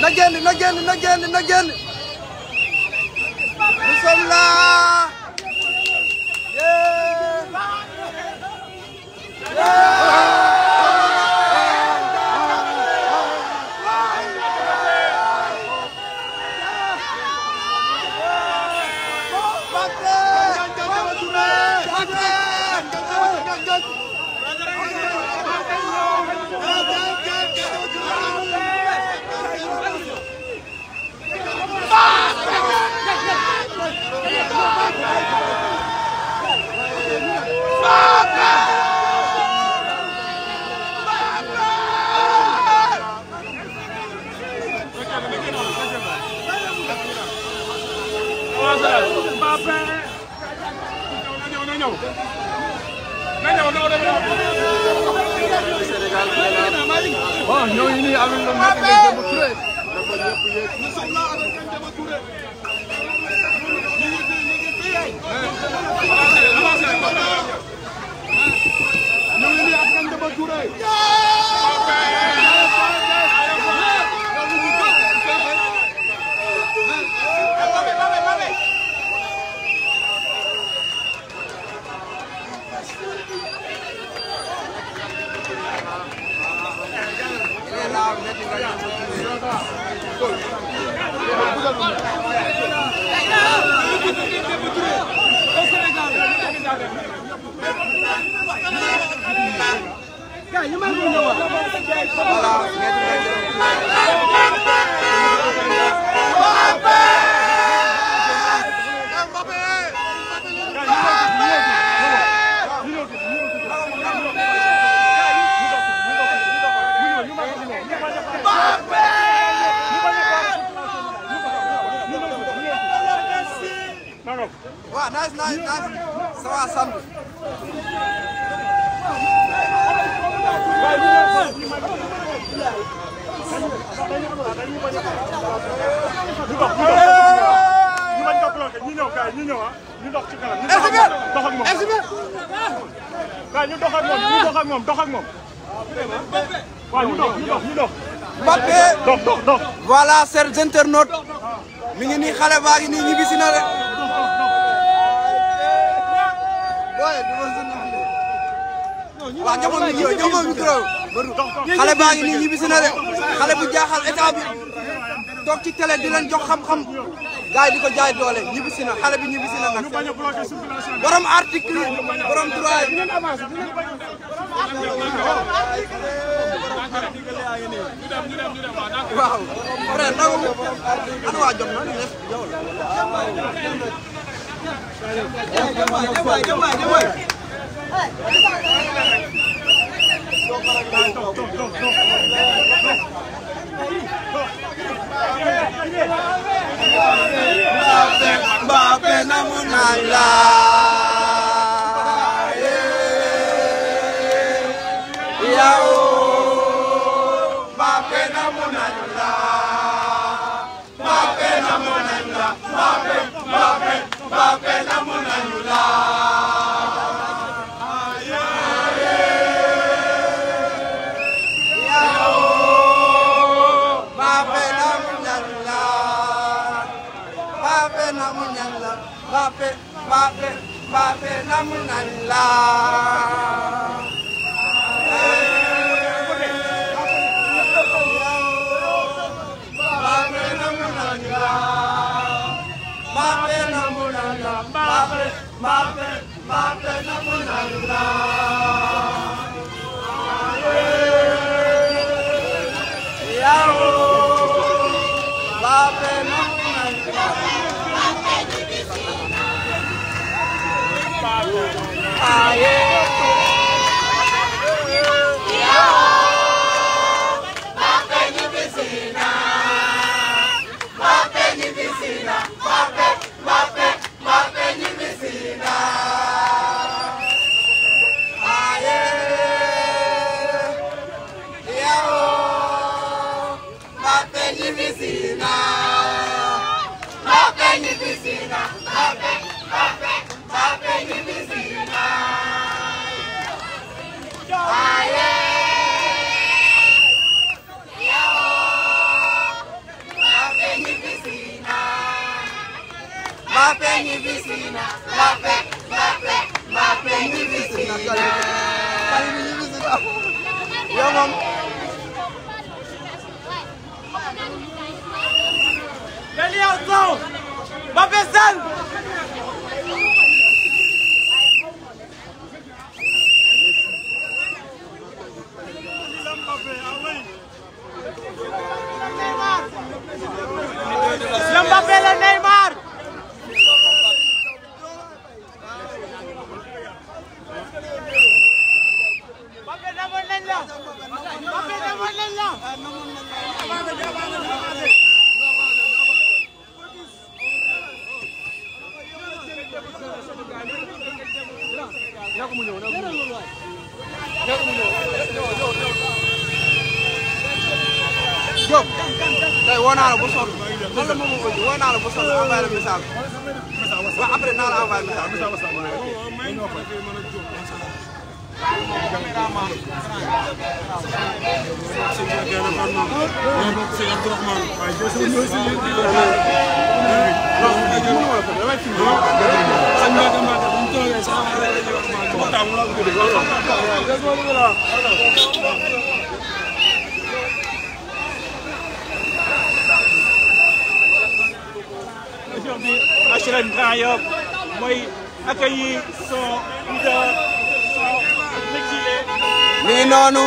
na génn na génn na génn na génn nous ñëw na ñëw na ñëw bon ñooñu nii am nañu la nekk Demba Touré. ñooñu nii ak Demba Touré. ñu dox ñu dox ñu bañ ko bloqué ñu ñëw gars yi ñu ñëw ah ñu dox ci kanam. ñu dox ak mi ngi nii xale baa ngi nii ñibbisi na rek. waaw ñëwoon micro ñëwoon micro xale baa ngi nii ñibbisi na rek xale bu jaaxal état toog ci télé di leen jox xam-xam gars yi di ko jaay doole ñibbisi na xale bi ñibbisi na nag a article yi borom droit yi. waaw frère ndaw an waa jot na nekk yow la. jërëjëf Mbappé Mbappé namu naa la amna la yeah. Diop tey woo naa la bu sonn man la moom moo woo naa la bu sonn envoyé la message waaw après naa la envoyé message Aujourd'hui, HLM Grand Yoff mooy accueilli son leader mi ngi noonu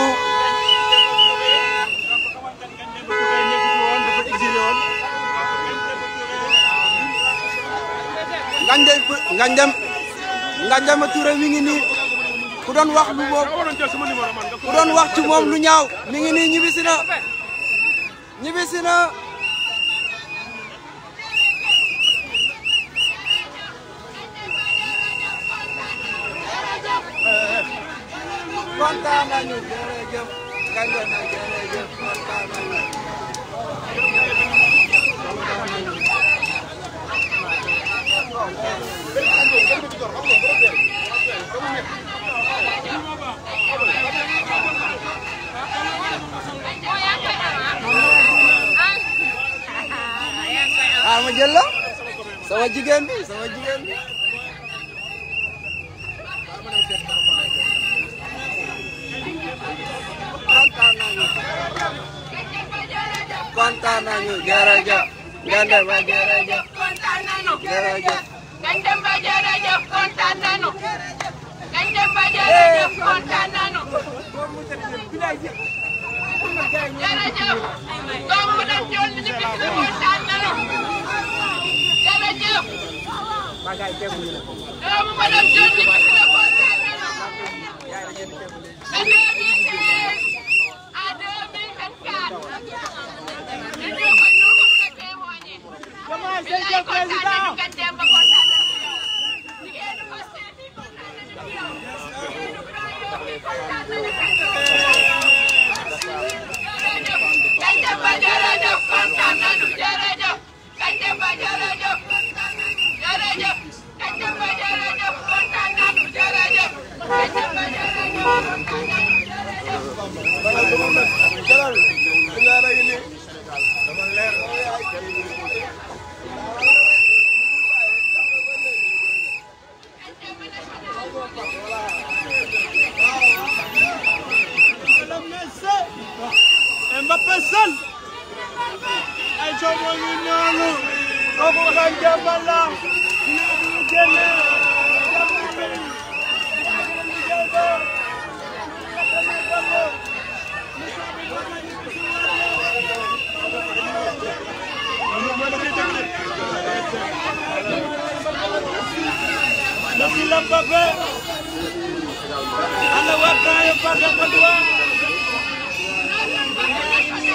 Ngagne Ngagne Demba Ngagne ngi nii ku doon wax lu moom ku doon wax ci lu ñaaw mi ngi nii ñibbisi Ah, sama jigéen bi sama jigéen bi kontaan nañu jërëjëf Gande ba jërëjëf kontaan nañu jërëjëf Gande ba jërëjëf kontaan nañu Gande ba jërëjëf kontaan nañu jërëjëf doomu dem jël ni bis bi kontaan nañu jërëjëf bagay tebu la doomu ba dem jël ni bis bi kontaan nañu à 2024 président kila Mbappe anawatayo paka kadua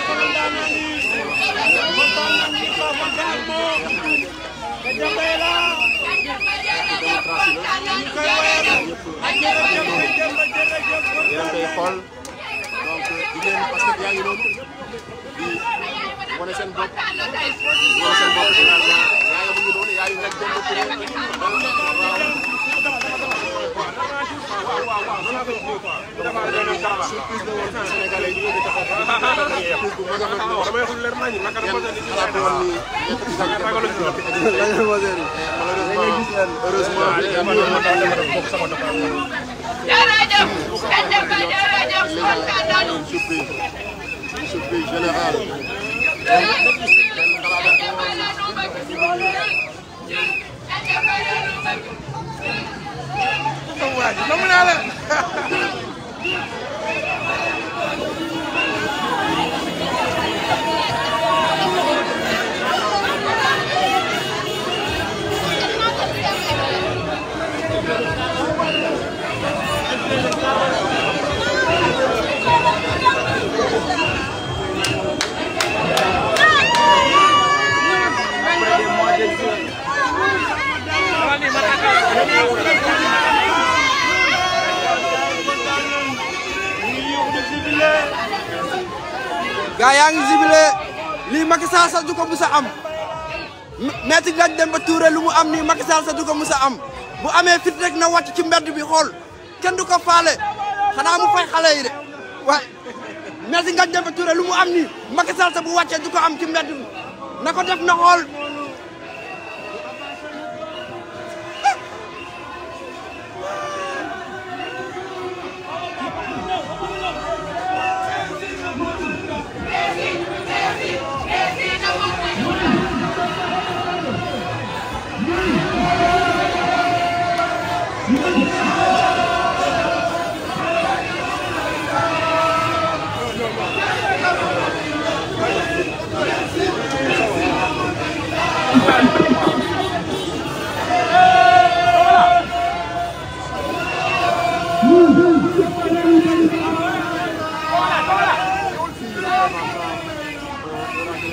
kulandanani kutanani kapakalmo kejambela koy xool donc di leen parce que yaa ngi noonu di wane seen bopp wane seen bopp finalement yaa ngi noonu yaa ngi nekk jënd jërëjëf Ndefleng jërëjëf kontaan nañu. surprise générale. Ndefleng sama waay namm naa la Thank you. gaa yaa ngi jibile lii Macky Sall sa du ko musa am Maître dem ba Touré lu mu am nii Macky Sall sa du ko musa am bu amee fit na wàcc ci mbedd bi xool kenn du ko faale xanaa mu fay xale yi de waaye Maître Ngagne Demba Touré lu mu am nii Macky Sall sa bu wàccee du ko am ci mbedd bi na ko def na xool Ay,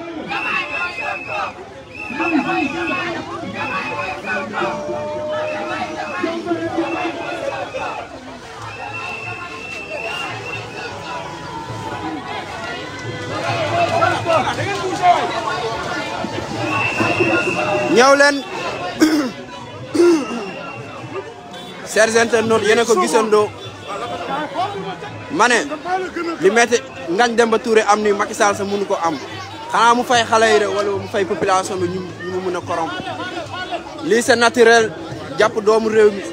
ñëw leen chers internautes yéen ko gisandoo ma ne li metti Ngagne Demba am ni Macky Sall mënu ko am xanaa mu fay xale yi wala mu fay population bi ñu ñu mun a korom lii naturel jàpp doomu réew mi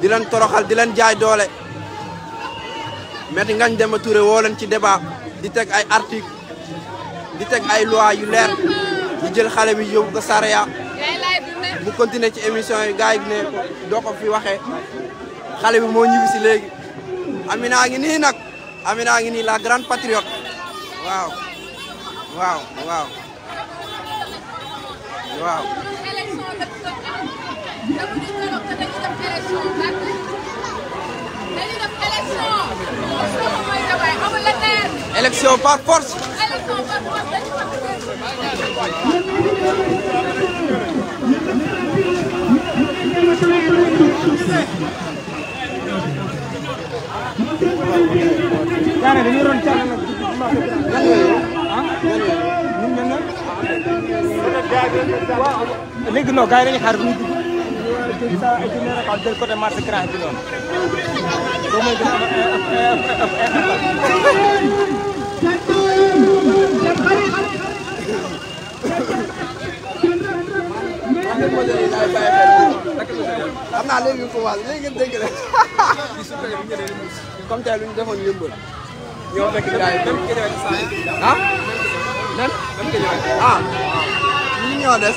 di leen toroxal di leen jaay doole metti ngañ Demba Touré woo leen ci débat di teg ay article di teg ay loi yu leer di jël xale bi yóbbu ko Saraya bu continuer ci émission yi gars yi ne doo fi waxee xale bi moo ñibbi si léegi Amina ngi nii nag Amina ngi nii la grande patriote waaw waaw waaw waaw. élection par force. Cara, dañu ron léegi non gars yi dañuy xaar bu ñu dugg jël sa ay junne rek jël côté marché grand bi noonu boo mooy dina am xam naa léegi ko wax léegi ngeen dégg rek comme tey lu ñu defoon yëmbal ñoo fekk gars yi ah nan nan nga ñëwaat ah ñi ñoo des.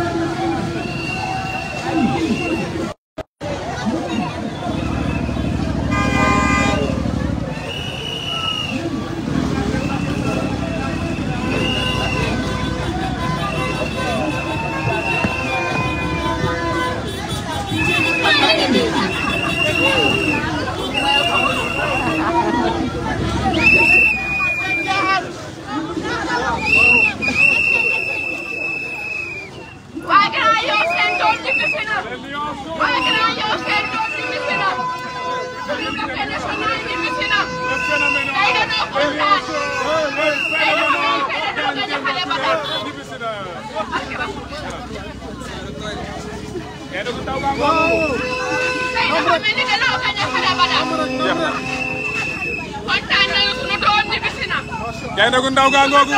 gaynde gu ndaw gaa ngoogu le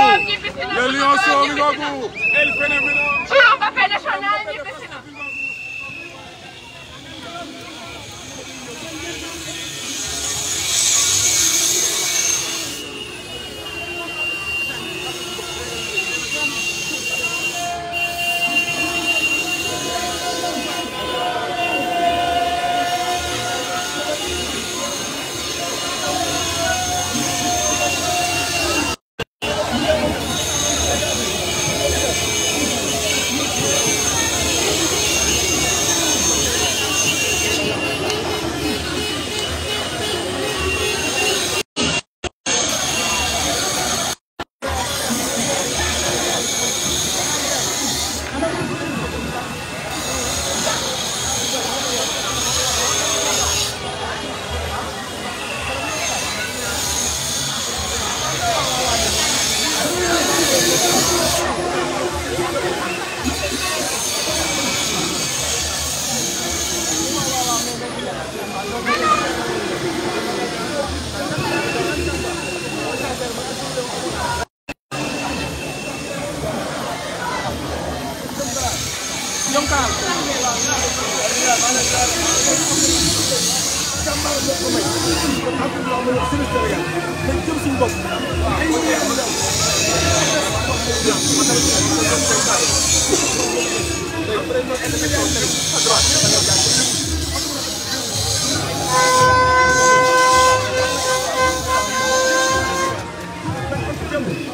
jëm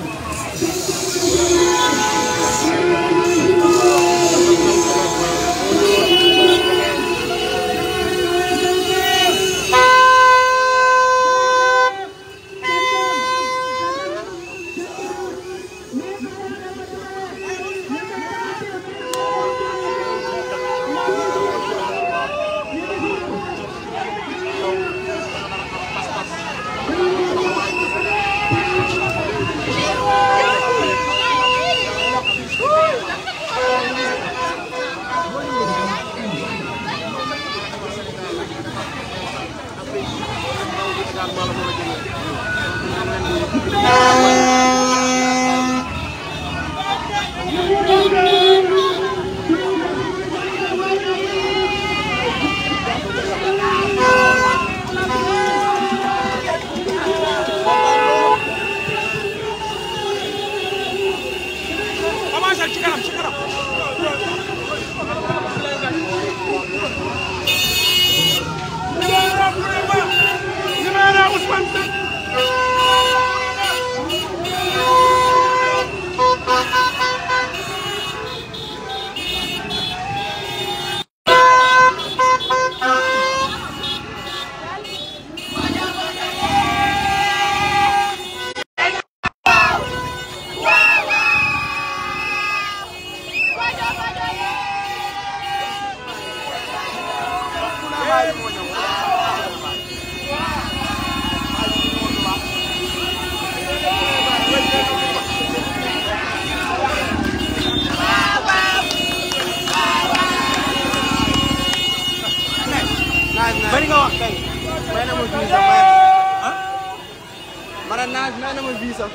naa ma bii sax.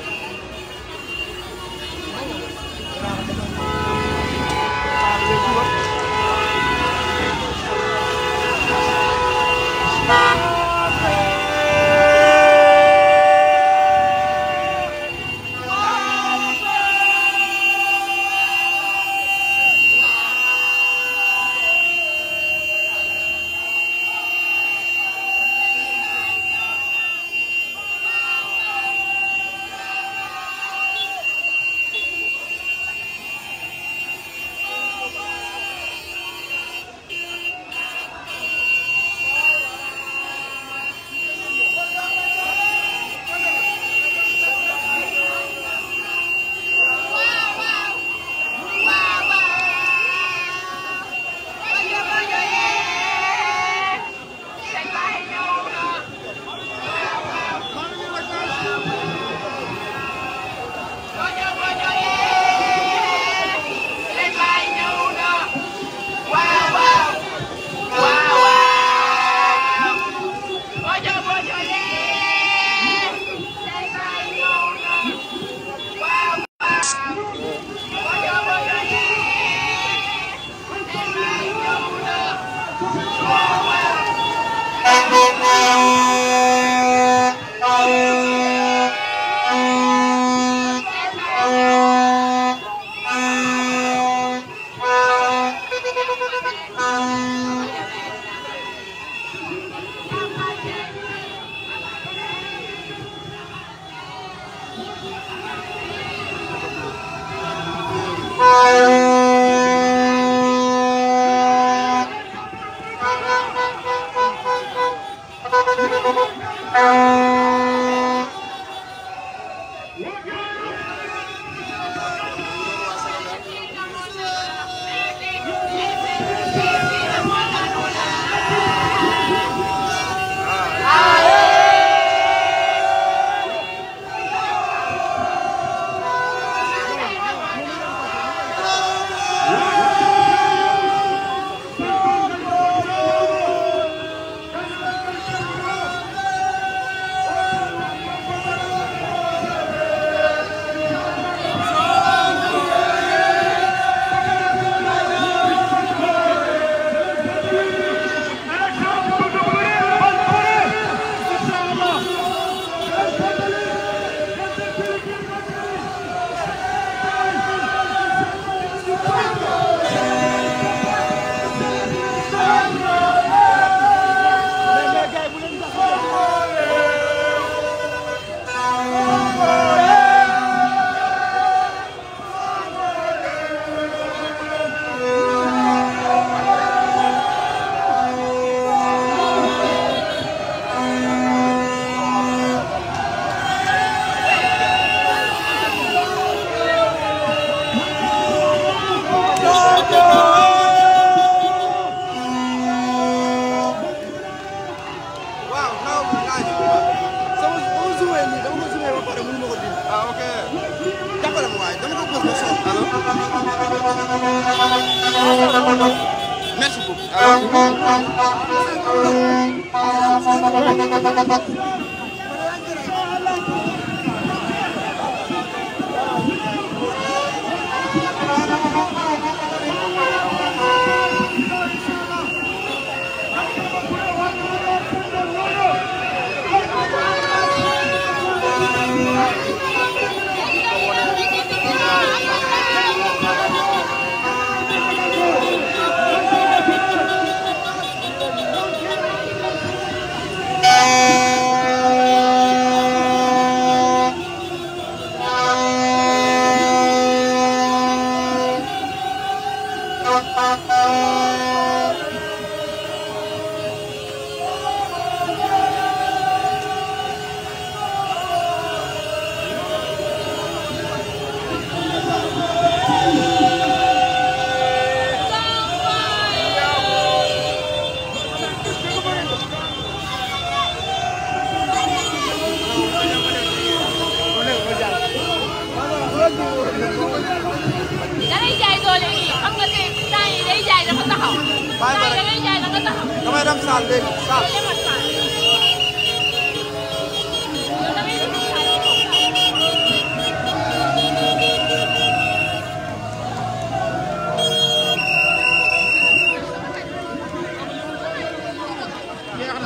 Sonko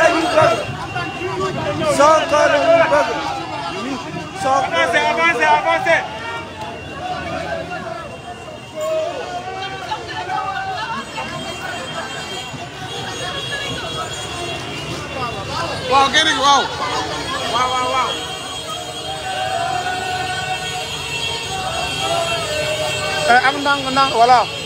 la ñu bëgg Sonko la ñu bëgg Sonko avancé avancé avancé waaw génn waaw waaw waaw Eh, am ndànk ndànk wala